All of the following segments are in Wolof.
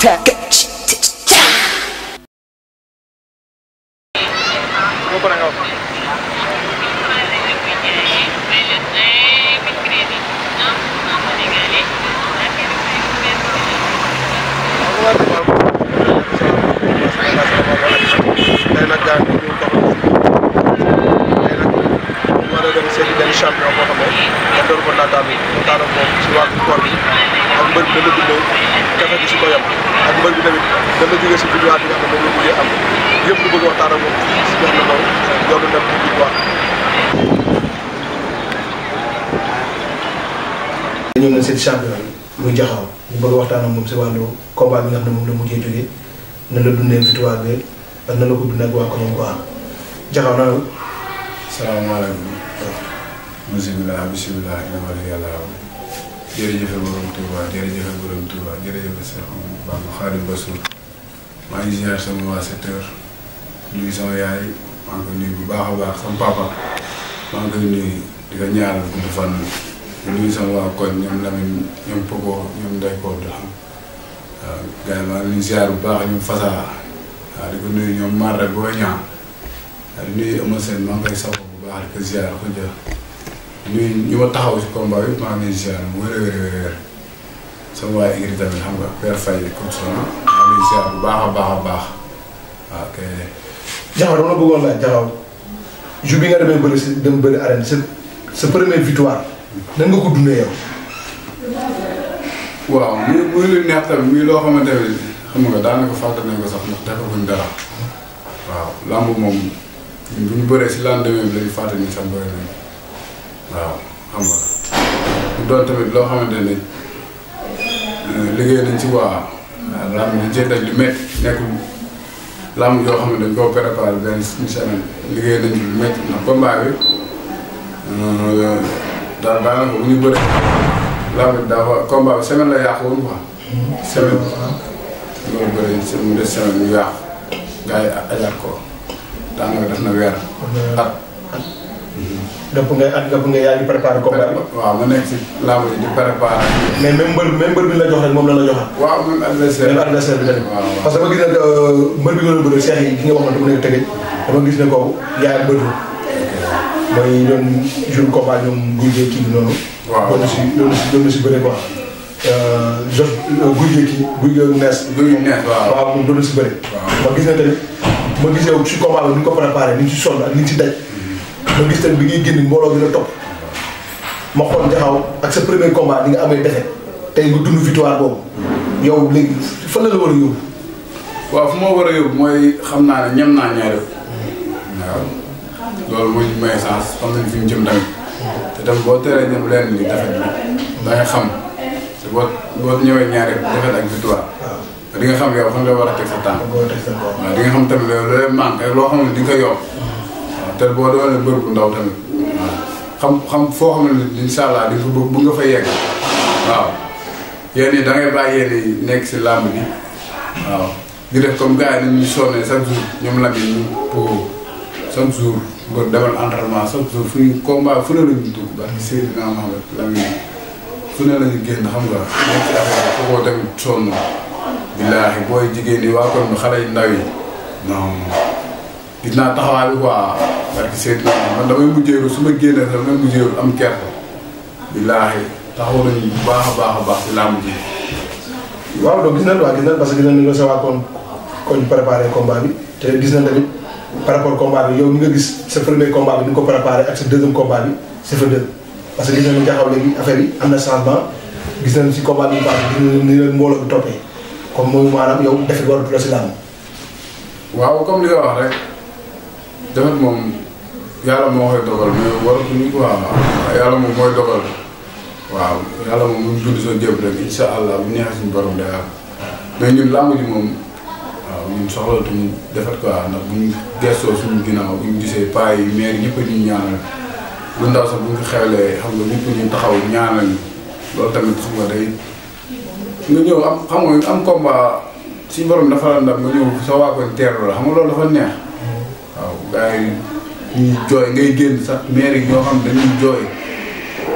Tap. mom ci walu combat bi nga xamne mom la mujjé jogé na la dundé victoire bi ak na la ko dundé ak wa ko ñom quoi jaxaw na salam alaykum bismillah bismillah ina wala yalla jefe borom touba jefe borom touba jërëjëf ba mu khadim basul ma ngi ziar sama wa ñu ngi sama yaay ma ngi nuyu bu baaxa baax sama papa ma ngi nuyu nga ñaanal ko du fan ñu ngi sama wa koñ ñom lamine ñom pogo ñom day ko do xam waaw euh, gars yi maa ngi leen bu baax ñoom Fassara waaw di ko nuyu ñoom Marre boo ñaa waaw di nuyu Eumeu Sène koy saw bu baax di ko ziar ko jël nuyu ñu ma taxaw si a wér a wér sama waa Igri comme ça maa bu baax a baax a baax waaw kay. Diakhou dama la bëggoon laaj Diakhou jour bi nga demee bëri si dem bëri arène sa sa première victoire nan ko dundee yow. waaw muy muy lu neex tamit muy loo xamante ne xam nga daanaka fàtte nañ ko sax ndax defaguñ dara waaw làmb moom ñun bu si la ñu fàtte nga mu tamit loo xamante ne eh, liggéey nañ ci waa làmb dañ cee daj lu métti nekkul làmb yoo xam ne dañ koo préparé benn semaine liggéey nañ ci lu ndax combat bi daal eh, daanaka bu ñu bëree. laa bëgg daa wax combat bi semaine la yàqu woon quoi. semaine loolu bëri mu des semaine ñu yàqu gars yi ko daanaka def na weer. at. Mm-hmm. dëpp nga at dëpp nga yaa ngi préparé combat bi. waaw ma nekk si làmb ji di préparé. mais même mbër même mbër bi la jox rek moom la la joxe. waaw même adversaire même adversaire bi la parce que ma gis ne euh, mbër bi nga doon bëri seex yi ki nga wax ne dama nekk tëgëj dama gis ne kooku yaa ngi bëri mooy doon jour combat ñoom guy gee kii noonu. waaw si doon na si jo euh, euh, guy gee kii guy gee nees. waaw waaw moom doon si bëre. waaw ma gis ne tamit ma gis yow si combat bi ni nga ko préparé ni nga si sonn ak ni si daj. ma gis tamit bi ngay génn mbooloo bi la topp. ma xool jaxaw ak sa premier combat di nga amee defe te nga dund victoire boobu. yow léegi fan la la war a yóbbu. waaw fu ma war a yóbbu mooy xam naa ne ñam naa ñaar hmm. waaw. loolu mooy may sens xam fi ñu jëm te tam boo teree ñëpp leen ni defet bi da nga xam te boo boo ñëwee ñaari defet di nga xam war a teg sa tànk waaw di nga xam di nga ko yokk mm-hmm. te boo doon bër bu ndaw tamit xam xam foo xam ne incha allah di nga bëgg nga fa yegg waaw yéen ñi da ngay bàyyi nekk si làmb bi waaw di def comme gars yi nañu sonnee chaque jour ñoom la bi ñu pour chaque jour nga demal entraînement chaque jour fu ñu combat fu ne la génn xam nga nekk ci affaire foogoo tamit billaahi booy jigéen waa kon xale yu ndaw yi non naa taxawaay bi quoi parce que Seydina man damay mujjee su ma génnee damay mujjee am gerte billaahi taxaw nañu bu baax a baax a baax ci làmb ji waaw donc gis nañ waaw gis nañ parce que gis nañ ni nga waa kon koñ préparé combat te gis nañ tamit par rapport combat bi yow ni nga gis sa premier combat bi ni ko préparer ak sa deuxième combat bi c'est fa deux parce que gis nañu jaxaw léegi affaire yi amna changement gis nañu ci combat bi ba gis ni len mbolo bi topé comme moy manam yow def war a si waaw comme li nga wax rek dama mom yalla mo xoy dogal mais waratu ni ko wax yalla mo moy dogal waaw yalla mo mu ngi so djeb rek inshallah bu neex suñu borom day mais ñun làmb di mom ñun soxla tuñu defar quoi ndax bu ñu gestoo suñu ginnaaw bu ñu gisee paa yi maire ñëpp a ñuy ñaanal lu ndaw sax bu ñu xewlee xam nga ñëpp taxaw ñaanal loolu tamit xam nga day nga ñëw am xam nga am combat si borom dafa la nga ñëw sa waa koñ teeru la loolu dafa neex waaw gars yi ngay génn sax maire yi xam dañuy jooy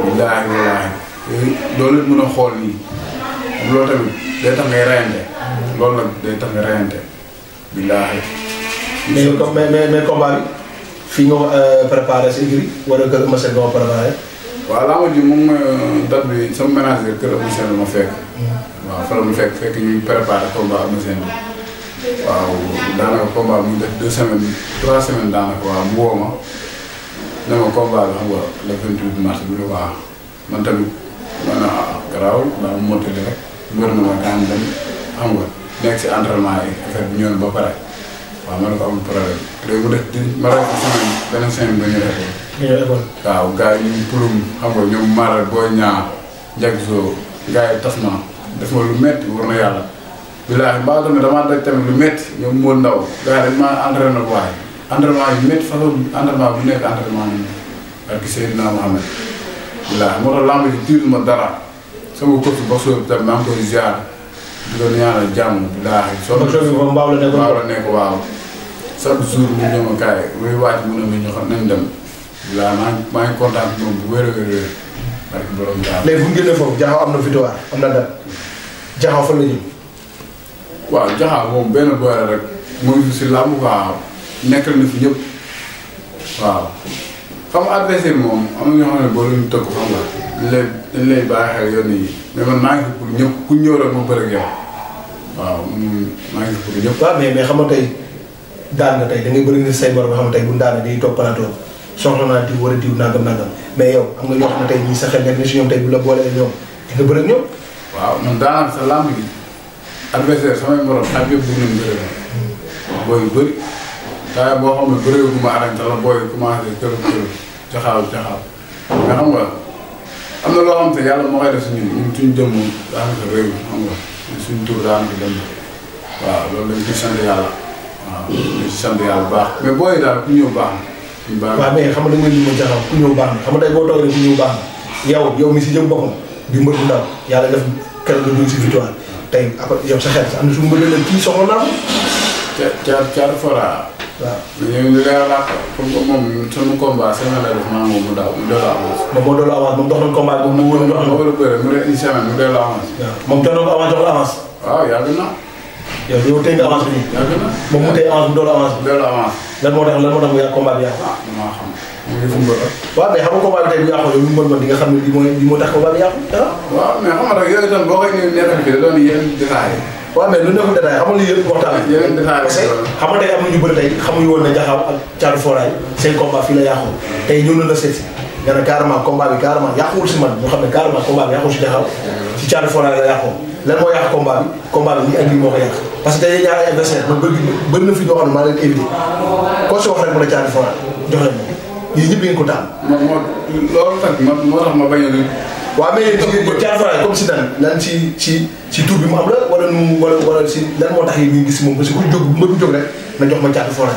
billaahi wallaahi loolu it mën xool nii loolu tamit day tax ngay reyante loolu nag day tax ngay reyante billaahi. mais mais mais mais combat bi fii euh, préparé si ngir wala kër Eumeu Sène nga préparé. waaw laa ma ji moom euh, date bi sama ménage kër Eumeu Sène la ma fekk. Mm-hmm. waaw fa la fekk fekk ñuy préparé combat Eumeu Sène bi. waaw daanaka combat bi mu deux semaines trois semaines daanaka waaw mu woo ma ne ma combat la waaw man tamit man ah garaawul daal mottali rek gouvernement daan dem nga. nekk si entraînement yi affaire bi ñëwoon ba pare waaw ma ne ko amul problème léegi mu def ma ne ko semaine beneen semaine ba ñu def ko. waaw gars yi ñu Pouloum xam nga ñoom Maral boo ñaa Ndiaye Sow gars yi tas ma def ma lu métti war na yàlla. bilaahi mbaa doon ne damaa daj tamit lu métti ñoom moo ndaw gars yi dañ maa entraîné waaye entraînement yu métti façon entraînement bu nekk entraînement bi ak Seydina Mohamed bilaahi moo tax lamb ji tiitu ma dara sama coach boxeur bi tamit maa ngi koy ziar. doon ñaanal jàmm bilaahi soxna soxna bi moom mbaaw la nekk mbaaw la nekk waaw chaque jour mu ñëw ma kaay muy wàcc mu ne ma ñu xam nañ dem bilaahi maa ngi maa ngi kontaan moom bu wér a wér wér barke borom jàmm léegi bu ñu génnee foofu jaxaw am na victoire am na dal jaxaw fan la ñu waaw jaxaw moom benn boy la rek mooy fi si làmb waaw nekkal na fi ñëpp waaw xam adversaire moom am na ñoo xam ne boo leen tëkk xam nga dañ lay dañ lay bàyyi xel yoon yi mais man maa ngi fi pour ñëpp ku ñëw rek ma bëri ak waaw mm, maa ngi pour ñëpp. waaw mais mais xam nga tey daan nga tey da ngay bëri nga say bor nga xam ne tey bu daan day toog plateau soxla naa diw war a diw nangam nangam mais yow am nga ñoo xam ne tey ñii sa xel nekk na si la boolee ñoom di nga bëri ak ñoom. waaw man daanaka sa làmb gi adversaire samay morom ak yëpp bëgg nañu bëri booy yu bëri boo xam ne bëriwul bu ma arrêté la booy yu commencé tërëf tërëf nga xam nga am na loo xam te yàlla moo koy def si ñun ñun suñu jëmm réew mi xam nga suñ daa daan di dem waaw loolu lañ ci sant yàlla waaw ñu ci sant yàlla baax mais booy daal ku ñëw baax na. waaw mais xam nga da nga ñu jaxam ku ñëw baax na xam nga tey boo toogee ku ñëw baax na yow yow mi si jëm boppam di mbër bu ndaw yàlla def keroog nga si victoire tey après yow sa xel sa am na suñu mbër la kii soxla naa ko. ca ca caal waaw ñu ngi leeral ak moom sunu combat semaine la def maa moom mu daaw mu delloo avance. moom moo delloo avance moom dox nañu combat moom mu wër mu bëre mu dee une semaine mu delloo avance. moom jox na ko avance jox la avance. waaw yàgg na. yow yow tey nga avance bi. yàgg na moom mu tey avance mu delloo avance. delloo avance. lan moo tax lan moo tax mu yàgg combat bi yàgg. ah maa xam. mu ngi fumb la. waaw mais xam nga combat bi tey bu yàqoo yow ñu mën ma di nga xam ne lii mooy lii moo tax combat bi yàqu. Ah. waaw mais xam nga nag yooyu itam boo koy ñëwee nekk waaw mais lu nekkul détail xam yëpp waxtaan bi. yëpp détail parce que xam nga tey am na ñu bëri tey xamuñu woon ne Diakhao ak Thiatou Foray seen combat fii la yàqu. tey ñëw nga ne carrément combat bi carrément yàquwul si man moo moo que tey ñaar ay adversaire man bëgg moo moo tax ma bañ a waaw mais Diafara comme si daan lan ci ci tur bi mu am la wala nu wala wala si lan moo tax yi ñuy gis moom parce que ku jóg mbër bu jóg rek na jox ma yoo xamante ne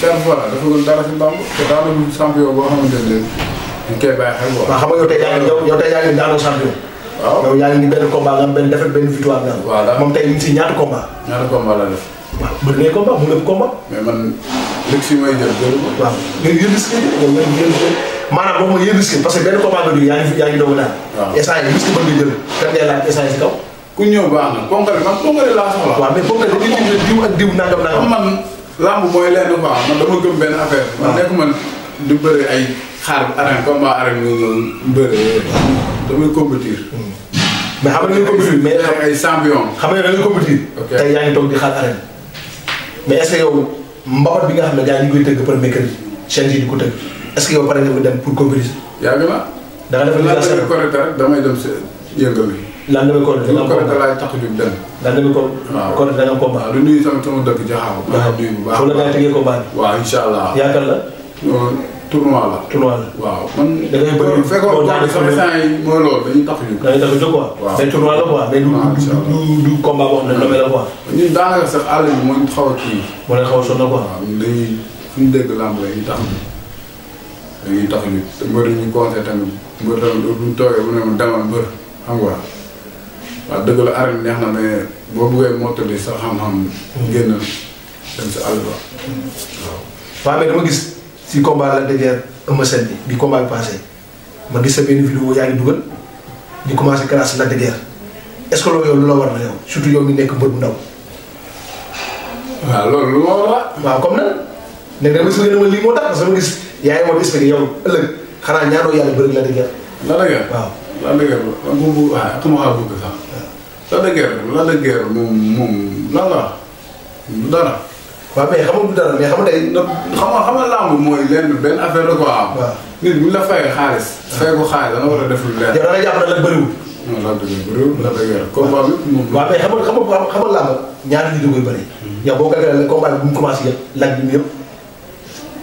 Thiatou Fora dafa gën dara si ndàmb te daanaka xam nga yow tey yaa ngi yow tey yaa ngi daanoo champion waaw yow yaa ngi benn combat nga am benn défaite moom tey ñu si ñaata combat. ñaata combat la def. waaw bëri na ay combat mu ngi combat. mais man léegi si may jël jël. maanaam waxuma yéen risque parce que benn combat nga jógee yaa ngi yaa ngi doog a daal. waaw instant yii risque mën nga jël kat ngay laaj instant yii si kaw. ku na ponkal bi man ponkal laa soxla. waaw mais ponkal dañuy diw diw ak du ah. hmm. yaa ngi toog di xaar arène. mais est-ce que yow bi nga xam ne gars yi ñu koy tëgg par mercredi chaîne yi di tëgg est-ce que yow pare nga ko dem pour compétition. yàgg na. da nga def léegi correcteur damay dem yëngal bi. lan la ko da nga ko da laay tax jug dem. lan la ko ko da nga ko baax. lu nuyu sama sama dëkk Jaxaaw. waaw nuyu bu baax foofu la nga tegee ko baax. waaw incha allah yaakaar la. tournoi la. tournoi la waaw man. da ngay bëri fekkoon sama saa yi mooy loolu dañuy tax jug. dañuy tax jug quoi. waaw mais tournoi la quoi. mais du du du combat boo xam ne nommé la quoi. ñun daanaka sax àll bi moo ñu xaw a kii. moo leen xaw a sonal quoi. waaw dañuy fu ñu dégg làmb yi tax dañuy tax nit te mbër yi ñu conseil tamit mbër tamit duñ toogee bu ne ma demal mbër xam nga waaw dëgg la arène neex na mais sa xam-xam dem mais dama gis si combat la dëgër ëmb seen bi bi combat bi passé ma gis sa benn vidéo yaa ngi dugal di commencé classe la dëgër est ce que loolu yow la war na yow surtout yow mi nekk mbër bu ndaw. comme dama gis ma tax gis. yaay ma expliqué yow ëllëg xanaa ñaanoo yàlla bëri la dëgër. la la dëgër la moom waaye ak ma bëgg la dëgër la dëgër la du dara. waaw mais xam nga du a da nga jàpp ne la bëriwul. non la la dëgër.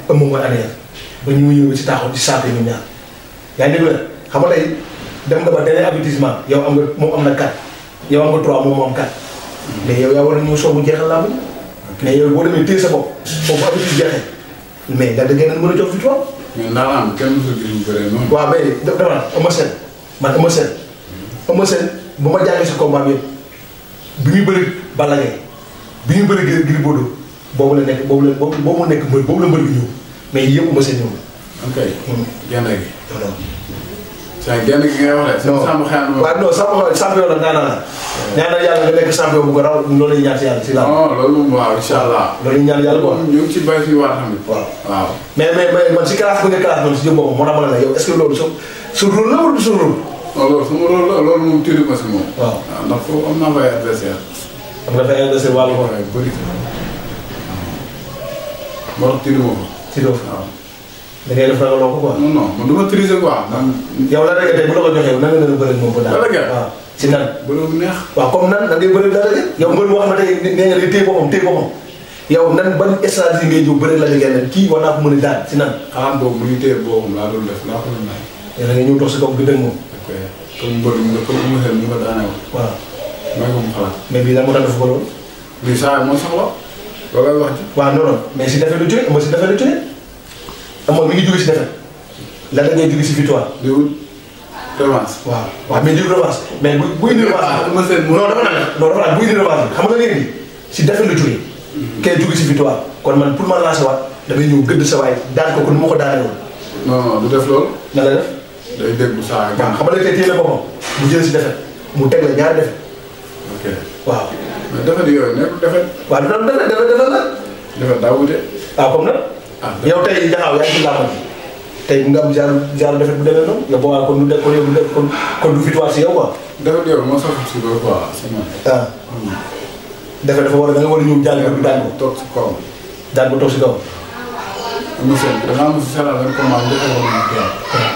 combat mu mu yëpp ba ñu ñëw ci taxaw di santé ñu ñaar yaa ngi déglu xam nga tey dem nga ba dernier avertissement yow am nga moom am na 4 yow am nga 3 moom am 4 mais yow yaa war a ñëw soobu jeexal làmb mais yow boo demee téye sa bopp foofu avertis jeexee mais nga dëgg ngeen mën a jox victoire mais naa am kenn mësul gis ñu bëree noonu waaw mais dama ama seen man seen seen bu ma jàngee si combat bi bi muy bëri balagee bi muy bëri gërëm gërëm boobu la nekk boobu la boobu nekk mbër boobu la mbër bi ñëw mais yëpp mos a ñëw. ok gànnaar gi. non non. c' est gànnaar gi ngay wax de. non sàmm xaar ma. waaw non sàmm xaar champion la ñaanal ñaanal yàlla nga nekk champion bu ko raw loolu la ñuy ñaan si si la. non loolu allah. loolu la ñuy ñaan yàlla quoi. ñu ngi ci bàyyi si waat xam nga. waaw waaw. mais mais mais man si classe bu ne classe man si jëm boobu moo tax ma ne la loolu soo suñu loolu sama rôle loolu moom tuuti ma si moom. waaw waaw ndax foofu am naa fa ay adversaire. am nga fa ay adversaire wàllu ko. waaw bëri. moo tax tuuti ma ko. ci doof da ngay def ragal loko quoi non non man duma triser quoi yow la rek day bu la ko joxe la nga dana bëri mom bu nan bëri bu neex nan da ngay bëri dara yow mbër mo xamanteni nee nga li téy boppam nan ban stratégie ngay jóg bëri la nga ne kii war naa ko mën nan xaam boobu muy téye boppam laa doon def laa ko doon may yow da ngay ñëw toog si kaw bi dëgg moom comme mbër mu nga comme mu xel mu nga daanee waaw mais bii la mu dafa loolu wax ji. waaw non mais si defee lu jóge amoo si defee lu jóge amoo mi ngi jóge si defee lan la ngay jóge si victoire. diwul revanche. waaw waaw mais diwul revanche mais bu bu indi revanche. ah dama seetlu bu indi revanche xam nga léegi si defee lu jóge. Hmm. kay jóge si victoire kon man pour ma lancer waat damay ñëw gëdd sa waay daan ko kon ni ma ko daanee woon. non non du def loolu. na la def. day déglu saa xam nga léegi tey téye la boppam mu jël si defee mu teg la ñaari defee. waaw. mais defet yooyu nekkul defet. waaw dafa defet defet defet la. defet daa wute. waaw ah, comme nag. ah yow tey jaxaw yaa ngi ci làmb ji tey nga am genre genre defet bu demee noonu nga boobaa kon du de kon yow du de kon kon du victoire si yow quoi. defet yooyu moo sax si loolu quoi c'est vrai. ah hmm. defet dafa war a da nga war a ñëw jàll ko daan ko. toog si kawam. daan ko toog si kawam. monsieur damaa am si salaam rek comment njëkk a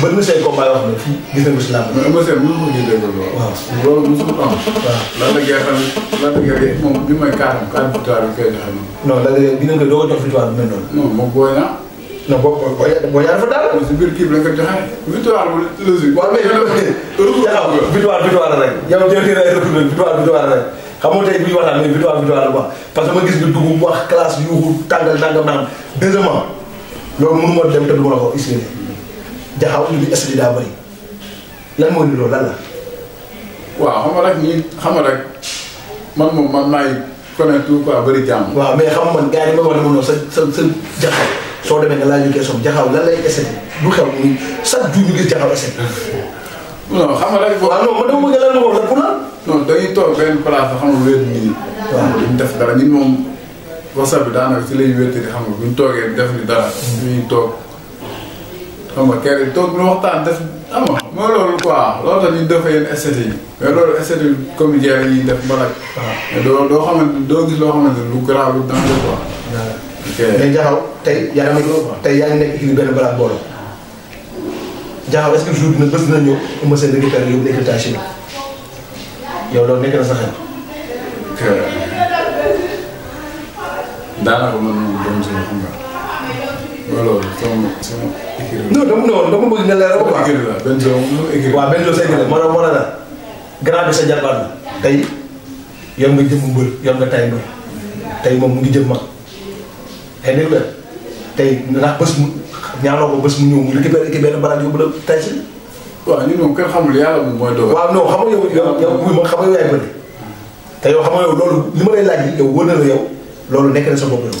ba ëmb seen combat yoo xam ne fii gis nañ ko si làmb. mais ëmb seen mënu ko gisee loolu. waaw loolu mosul am. waaw lan la gerte lan la gerte moom bi mooy kaaraan kaaraan victoire bi koy joxe noonu. non da ngay gis nga doo ko jox victoire bi mel noonu. non moom booy naa. non boo boo boo yaa dafa daal. si biir kii bi la nga joxe. victoire bu logique. waaw mais yow yow victoire victoire rek. yow jël kii rek retour victoire victoire rek. xam nga tey bu ñu waxtaan mais victoire victoire la wax parce que ma gis nga dugub wax classe yuuxu tàngal nangam naan deuxièmement loolu mënu ma dem te du ma la ko expliqué jaxaw ñu ngi est daa bëri lan moo ni loolu lan la. waaw xam nga rek ñi xam nga rek man moom man maay connaître tout quoi bari jàmm. waaw mais xam man gars yi ma war a mën sa sa sa jaxaw soo demee nga laaj ñu question jaxaw lan lay est du xew ni chaque jour ñu xam nga man dama la wax la pour lan. non dañuy toog benn place xam nga wéet nii. waaw duñ def dara ñun moom wasa bi daanaka ci lay wéete di xam nga buñ toogee def ni dara. Mm. ñuy toog. xam nga kër toog ñu waxtaan def ama mooy loolu quoi loolu tax ñu defee yenn essais yi mais loolu essais yi comédien yi def mbalak mais doo doo xamante doo gis loo xamante lu grave lu danger quoi ok mais jaxaw tey yaa ngi tey yaa ngi nekk ci benn balaa mbooloo jaxaw est-ce que jour dina bés na ñëw ma seen récupérer yóbbu nekk taa Chine yow loolu nekk na sa xel daanaka man moom doon si xam nga non dama ne woon dama bëgg nga leeral quoi. waaw benn jox sa écrir la moo na grand bi sa jarbaat bi tey yoon nga jëm mbër yoon nga tay mbër tey moom mu ngi jëm mag tey dégg la tey ndax bés mu ñaanoo ko bés mu ñëw mu récupéré équipe benn baraat yóbbu la tay si waaw ñun moom kenn xamul yàlla moom mooy dogal. waaw non xam nga yow yow yow buy ma xam nga yow yaay bëri te yow xam nga yow loolu li ma lay laaj yow wër na la yow loolu nekk na sa bopp yow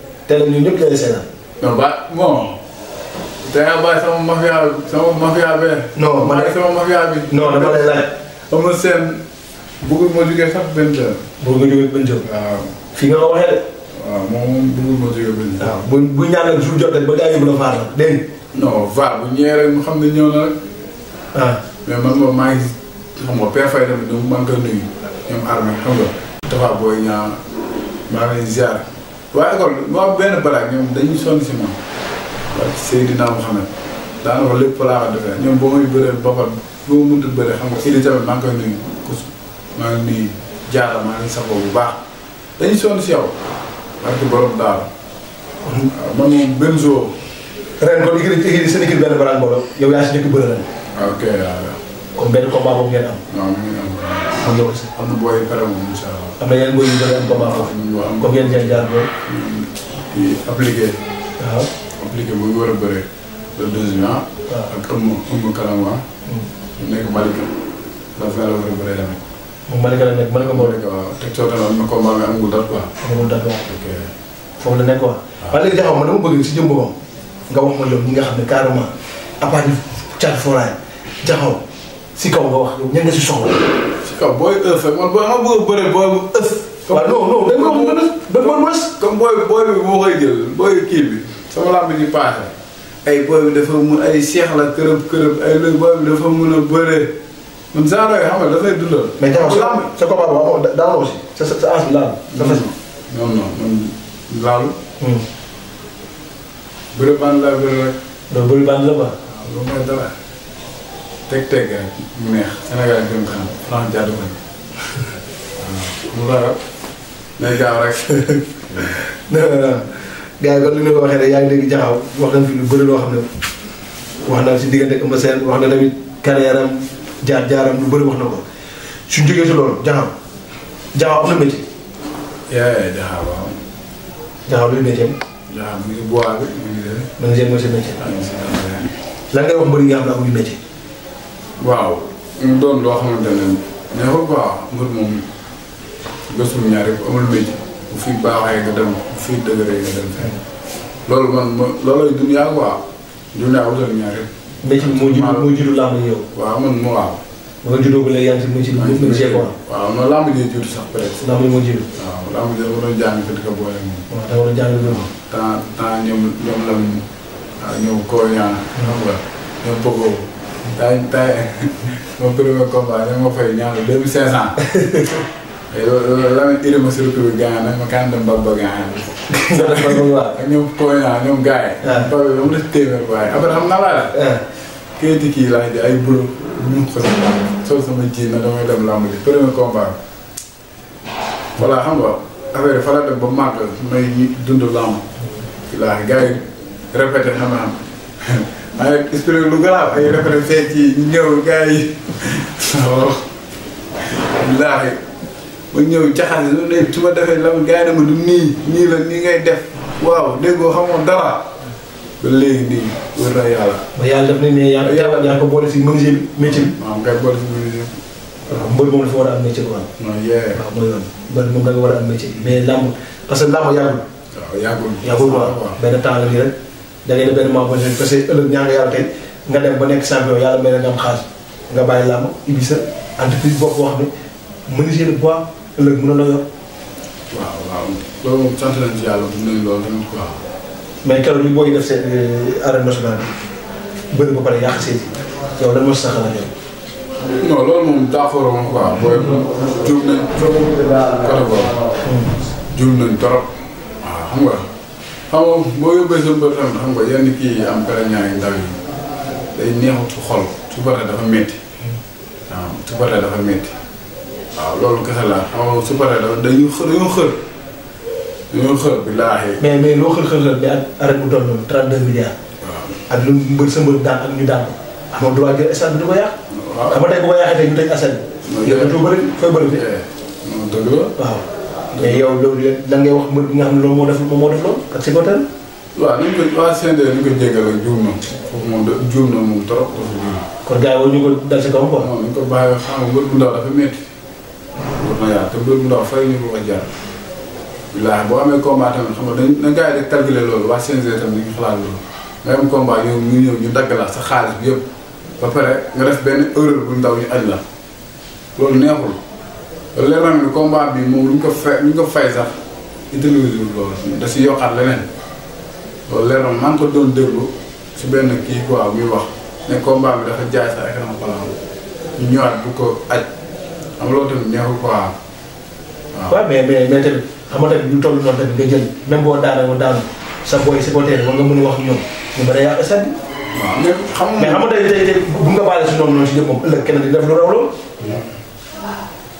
te nag ñun ñëpp dañuy ba bon. dangaa bàyyi sama mafia sama mafia bee. non man sama mafia bi. non dama lay laaj. Eumeu Sène bëggul ma jógee sax benn jëm. benn nga ko waxee de. waaw moom bëggul ma jógee benn jëm. waaw bu bu ñaanal la vaar la dégg nga. non vaar bu ñëwee rek mu xam ah. man moom maa ngi xam nga Père Faye tamit maa ngi koy nuyu. ñoom armée xam nga. Tafa booy ñaa maa ngi waaye école bi mu am benn balaag ñoom dañuy sonn si moom waaye Seydina Mouhamed daanaka lépp laa ko defee ñoom boo may bëree boppam boo ma mënut a bëree xam nga Sidi tamit maa ngi koy nuyu kus maa ngi nuyu jaara maa ngi safoo bu baax dañuy sonn si yow parce que borom daal. waaw man moom benn jour. ren kon yëg nañu seen équipe benn balaag borom yow yaa si njëkk bëre la. ok waaw. comme benn combat boobu ngeen am. waaw mu ngi am. am na aussi am na booy yu pare moom incha allah. am na yeneen booy yu bëri am combat foofu. Hmm. waaw comme yéen seen jaar a bëree. le deux juin. waaw ak ëmb ëmb kanama. nekk la fin la war a jaxaw ma dama bëgg si jëm boppam nga wax ma yow ñi nga xam ne carrément à part Thiatou Fora jaxaw si kaw nga wax yow nga si soxla. kaw booy ëff man booy ma bëgg a bëre booy bu a dañ booy kii bi sama làmb di paase ay booy bi dafa mun ay seex kërëb kërëb ay léegi booy bi dafa mun a bëre man genre yooyu xam nga dafay dundal. mais jamono sa sa koppar daanaka aussi sa sa as bi laal sa fas bi. Mm. non non man laalu. Mm. bëri ban la bëri rek. loolu ban la ba. waaw mooy dara. teg teg rek mu neex Sénégal gën kanam France jàddu ko ni waaw mu dara gaaw rek gars yi kon li ko waxee rek yaa ngi dégg jaxaw wax nañ fi lu bëri loo xam ne wax na si diggante Eumeu Sène wax na tamit carrière am jaar-jaaram lu bëri wax na ko suñ jógee si loolu jaxaw jaxaw am na métier yaay jaxaw waaw jaxaw luy métier jaxaw mu ngi bois man jéem mooy sa métier lan ngay wax mbëri nga xam ne amuñu métier waaw mu doon loo xamante ne neex ko quoi mbër moom gëstul ñaari bu amul métier bu fi baaxee nga dem bu fi dëgëree nga dem fenn loolu man ma loolooy dunya quoi dunya wutal ñaari. mbéy mi moo judd moo judd làmb yow. waaw man mu waaw. nga juddoo ba léegi yaa ngi ci mu ci mu mu jéego waaw non làmb ji jiitu sax peut-être. làmb ji moo jiitu. waaw làmb ji waroon jàng te di ko boole moom. waaw te waroon jàng loolu. temps temps ñoom ñoom la ñoom koo ñaan. xam nga ñoom bëggoo. daa daa moom premier combat da ma fay ñaanu deux mille cinq cent. Lamine Irima surtout bi gaañ nag ma kaan dem Bamba gaañ. ak ñoom Koña ñoom Gaye. Bamba ba mu des téeméer waaye après xam naa laa la. Ah. kayiti kii laa di ay bulo ñu ko sama sol sama ji na damay dem lamb ji premier combat. voilà xam nga affaire yi fa la dem ba màgg may dund lamb. wallaahi gars yi répété xam-xam. maa ngi ay références yi ñëw gars yi waaw. wallaahi ma ñëw jaxase loolu léegi su ma defee lam gars yi dama du nii nii la nii ngay def waaw déggoo xamoo dara ba léegi nii wër na yàlla. ba yàlla def nañ ne yàlla yàlla ko boole si menuisier métier bi. waaw nga boole si menuisier. waaw mbër moom dafa war a am métier quoi. non yee. waaw mooy yoon mbër moom da nga war parce que yàggul. waaw benn temps la nii rek. da ngay def benn membre parce que ëllëg ñaa nga dem ba nekk champion la nga am xaalis nga bàyyi làmb ibi sa entreprise bopp boo xam mën na la yor. waaw waaw loolu moom sant nañu si yàlla bu ñu loolu tamit def seen euh, arène nationale bi bëri ba pare yàq seeti yow lan moo si sa xalaat booy juum nañ trop côté xam nga boo yóbbee sa mbër tamit xam nga yenn kii am kala ñaari ndaw yi day neexut xol supporter dafa métti waaw supporter dafa métti waaw loolu kese la xam nga supporter dafa dañu xë dañoo xër dañoo xër mais mais loo xër xër xër bi ak arrêt bu toll noonu 32 milliards. ak lu mbër sa mbër daan ak ñu daan ko. Ah moom droit jël stade bi du ko yàq. waaw xam nga ko yàqee tey ñu tëj asset bi. yow da nga bëri fooy bëri fi. Eh, waaw. te yow loolu la ngay wax mbër bi nga xam ne loolu moo def moom moo def loolu ak supporter waaw ni ñu ko ko jégal ak da juum na moom trop dafa juum kon gars yi war ñu ko dal si kawam quoi ko bàyyi xam nga mbër bu ndaw dafa métti war na ko ko jaar bilaay boo amee combat tamit loolu waa CNG loolu nga ba pare nga def bu ndaw ñu aj la loolu neexul leeral ni combat bi moom lu ñu ko fay lu ñu ko fay sax utilisé wul loolu da si yokkaat leneen loolu leeral maa ko doon déglu si benn kii quoi muy wax ne combat bi dafa jaay sax écran plat ñu ñëwaat bu ko aj xam nga loolu a neexul quoi waaw. waaw mais mais mais tamit xam nga tamit lu toll noonu tamit nga jël même boo daanoo daanu sa booy supporter war nga mën a wax ñoom ñu mën a yàq sedd. waaw mais xam mais xam nga tey tey bu nga baale si ñoom noonu si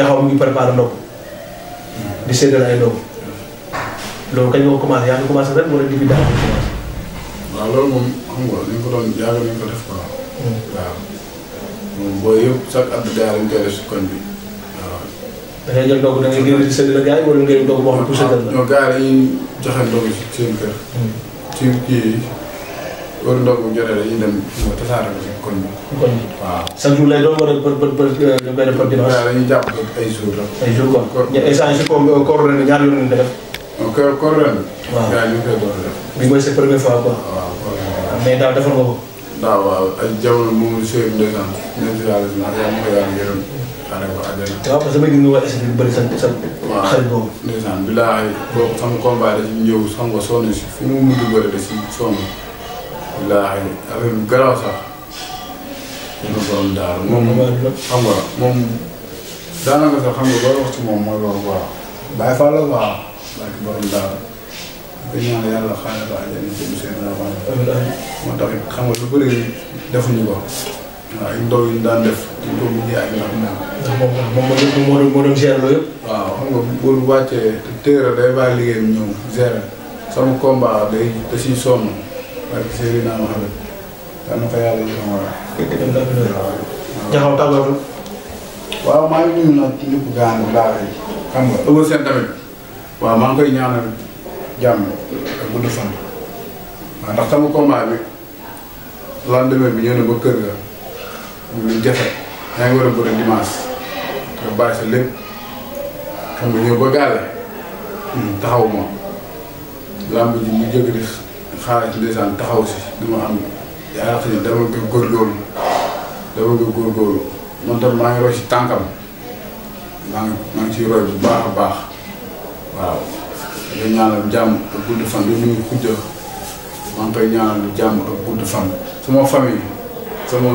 jaxaw mu ngi préparé ndogu di séddale ay ndogu loolu kañ nga ko commencé yaa ngi commencé rek wala depuis daaw waaw loolu moom xam nga li ñu ko doon hmm. moom booy yëpp chaque at daa lañ def si koñ bi waaw. da ngay jël ndogu da ngay génn di séddale gars yi wala ngay ndogu boo xam ne pour la. ñoo ah, gars joxe ndogu ci seen hmm. ci kii yi. loolu ndox bu jotee dañuy dem mu tasaare ko si koñ bi. koñ bi waaw. chaque jour lay doon wala par par par benn par dimanche. waaw dañuy jàpp ay jours la. ay jours quoi. koor ñu échange si koor euh, koor ren ñaar yoon lañ def. koor koor ren. waaw gars yi ñu ngi koy door a def. bi mooy sa première fois quoi. waaw ah, mais daaw defal nga ko. daaw waaw ay jamono moomu Seydou Ndesane. ñoom si daal di naan yàlla mu koy yàlla yërëm. xaaral ko àjjana. waaw parce que bëgg nga waa SDE lu bëri sa sa xarit boobu. waaw Ndesane bi laa ay. boo sama combat da ci ñëw xam nga sonn si fu mu mujj bëri da si sonn wallaahi affaire bu garaaw sax. moom xam nga moom daanaka sax xam nga boo wax ci moom mooy loolu waaw. bàyyi faa la waaw. bàyyi borom daaru. bu ñaan tax xam nga lu bëri defuñu ko. waaw ay ndaw yi daan def ci doomu ji ak ndax moom. ndax moom moom moo doon moo doon gérer loolu yëpp. waaw xam nga bu wàccee te téere day bàyyi liggéeyam ñëw sama combat day da siy waaye Seydina Mohamed dana ko yàlla jaxaw maa ngi nuyu nag ñëpp gaanu baax yi xam nga ëllëg seen tamit waaw maa koy ñaanal jàmm ak gudd fan. waaw ndax sama combat bi lendemain bi ñëw na ba kër ga ñu jafe yaa ngi war a bëri nga bàyyi sa lépp xam nga ñëw ba gàlle hmm, taxaw ma ji mu jëg xaaral ci ndeysaan taxaw si li ma am yàlla xëy na dama gën góorgóorlu dama gën góorgóorlu roy si tànkam maa ngi maa ngi roy bu baax a baax waaw da ñaanal jàmm ak gudd fan bi mu ngi xujja maa ngi koy ñaanal jàmm ak gudd fan sama famille sama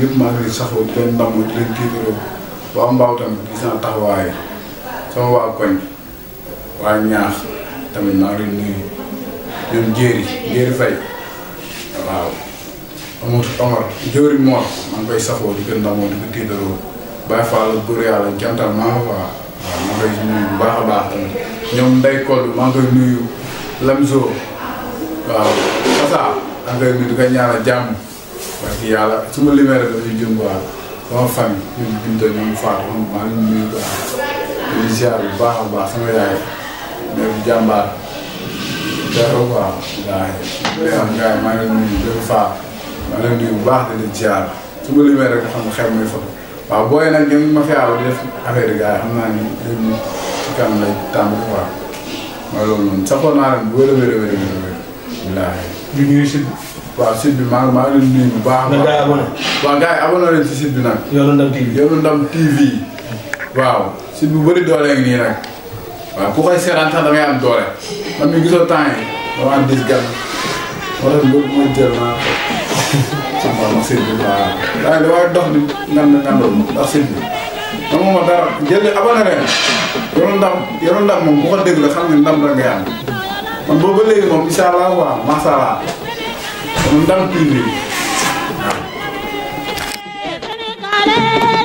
yëpp maa ngi leen saxoo di leen ndam di leen tiitaroo waa mbaaw tamit gis naa taxawaay sama waa koñ waa ñaax tamit maa ngi leen nuyu ñoom Njeri Njeri Faye waaw amut Omar Njeri Mor maa koy safoo di ko ndamoo di ko tiitaroo Baye Fall góor yàlla jantal maa waaw maa koy nuyu bu waaw Fata maa koy nuyu di ko ñaanal jàmm parce que yàlla su ma limee rek dañuy jëm waa sama famille ñoom ñoom Fatou maa ngi nuyu jàmbaar. teewoo quoi. waaw gars yi maa ngi leen di nuyu Dóor Faa maa ngi leen di nuyu bu baax di leen ziar su ma limee rek nga xam ne xel muy fa waaw booy nag ñoom ma fi aar di def affaire gars yi xam naa ni léegi ci kanam lay tàmbali quoi mooy loolu noonu saxoon naa leen bu wér a wér a wér a wér. ñu sud bi. waaw sud bi maa ngi maa ngi leen di nuyu bu baax. waaw gars yi abonné. waaw gars yi abonné leen ci sud bi nag. Yoonu Ndam TV Yoonu Ndam TV. waaw sud bu bëri doole ngi nii nag. waaw ku koy seetaan sax da ngay am doole man mii gisoo temps yi dama am dis gan wala loolu mooy jël naa ko sama ma sëñ bi waaw waaye damay dox di ngan na ngandoon ndax sëñ bi dama jël abonné leen yoonu ndam yoonu ndam moom bu ko la xam ne ndam la ngay am man boobu ba léegi moom incha allah waaw macha allah dama ndam tuuti waaw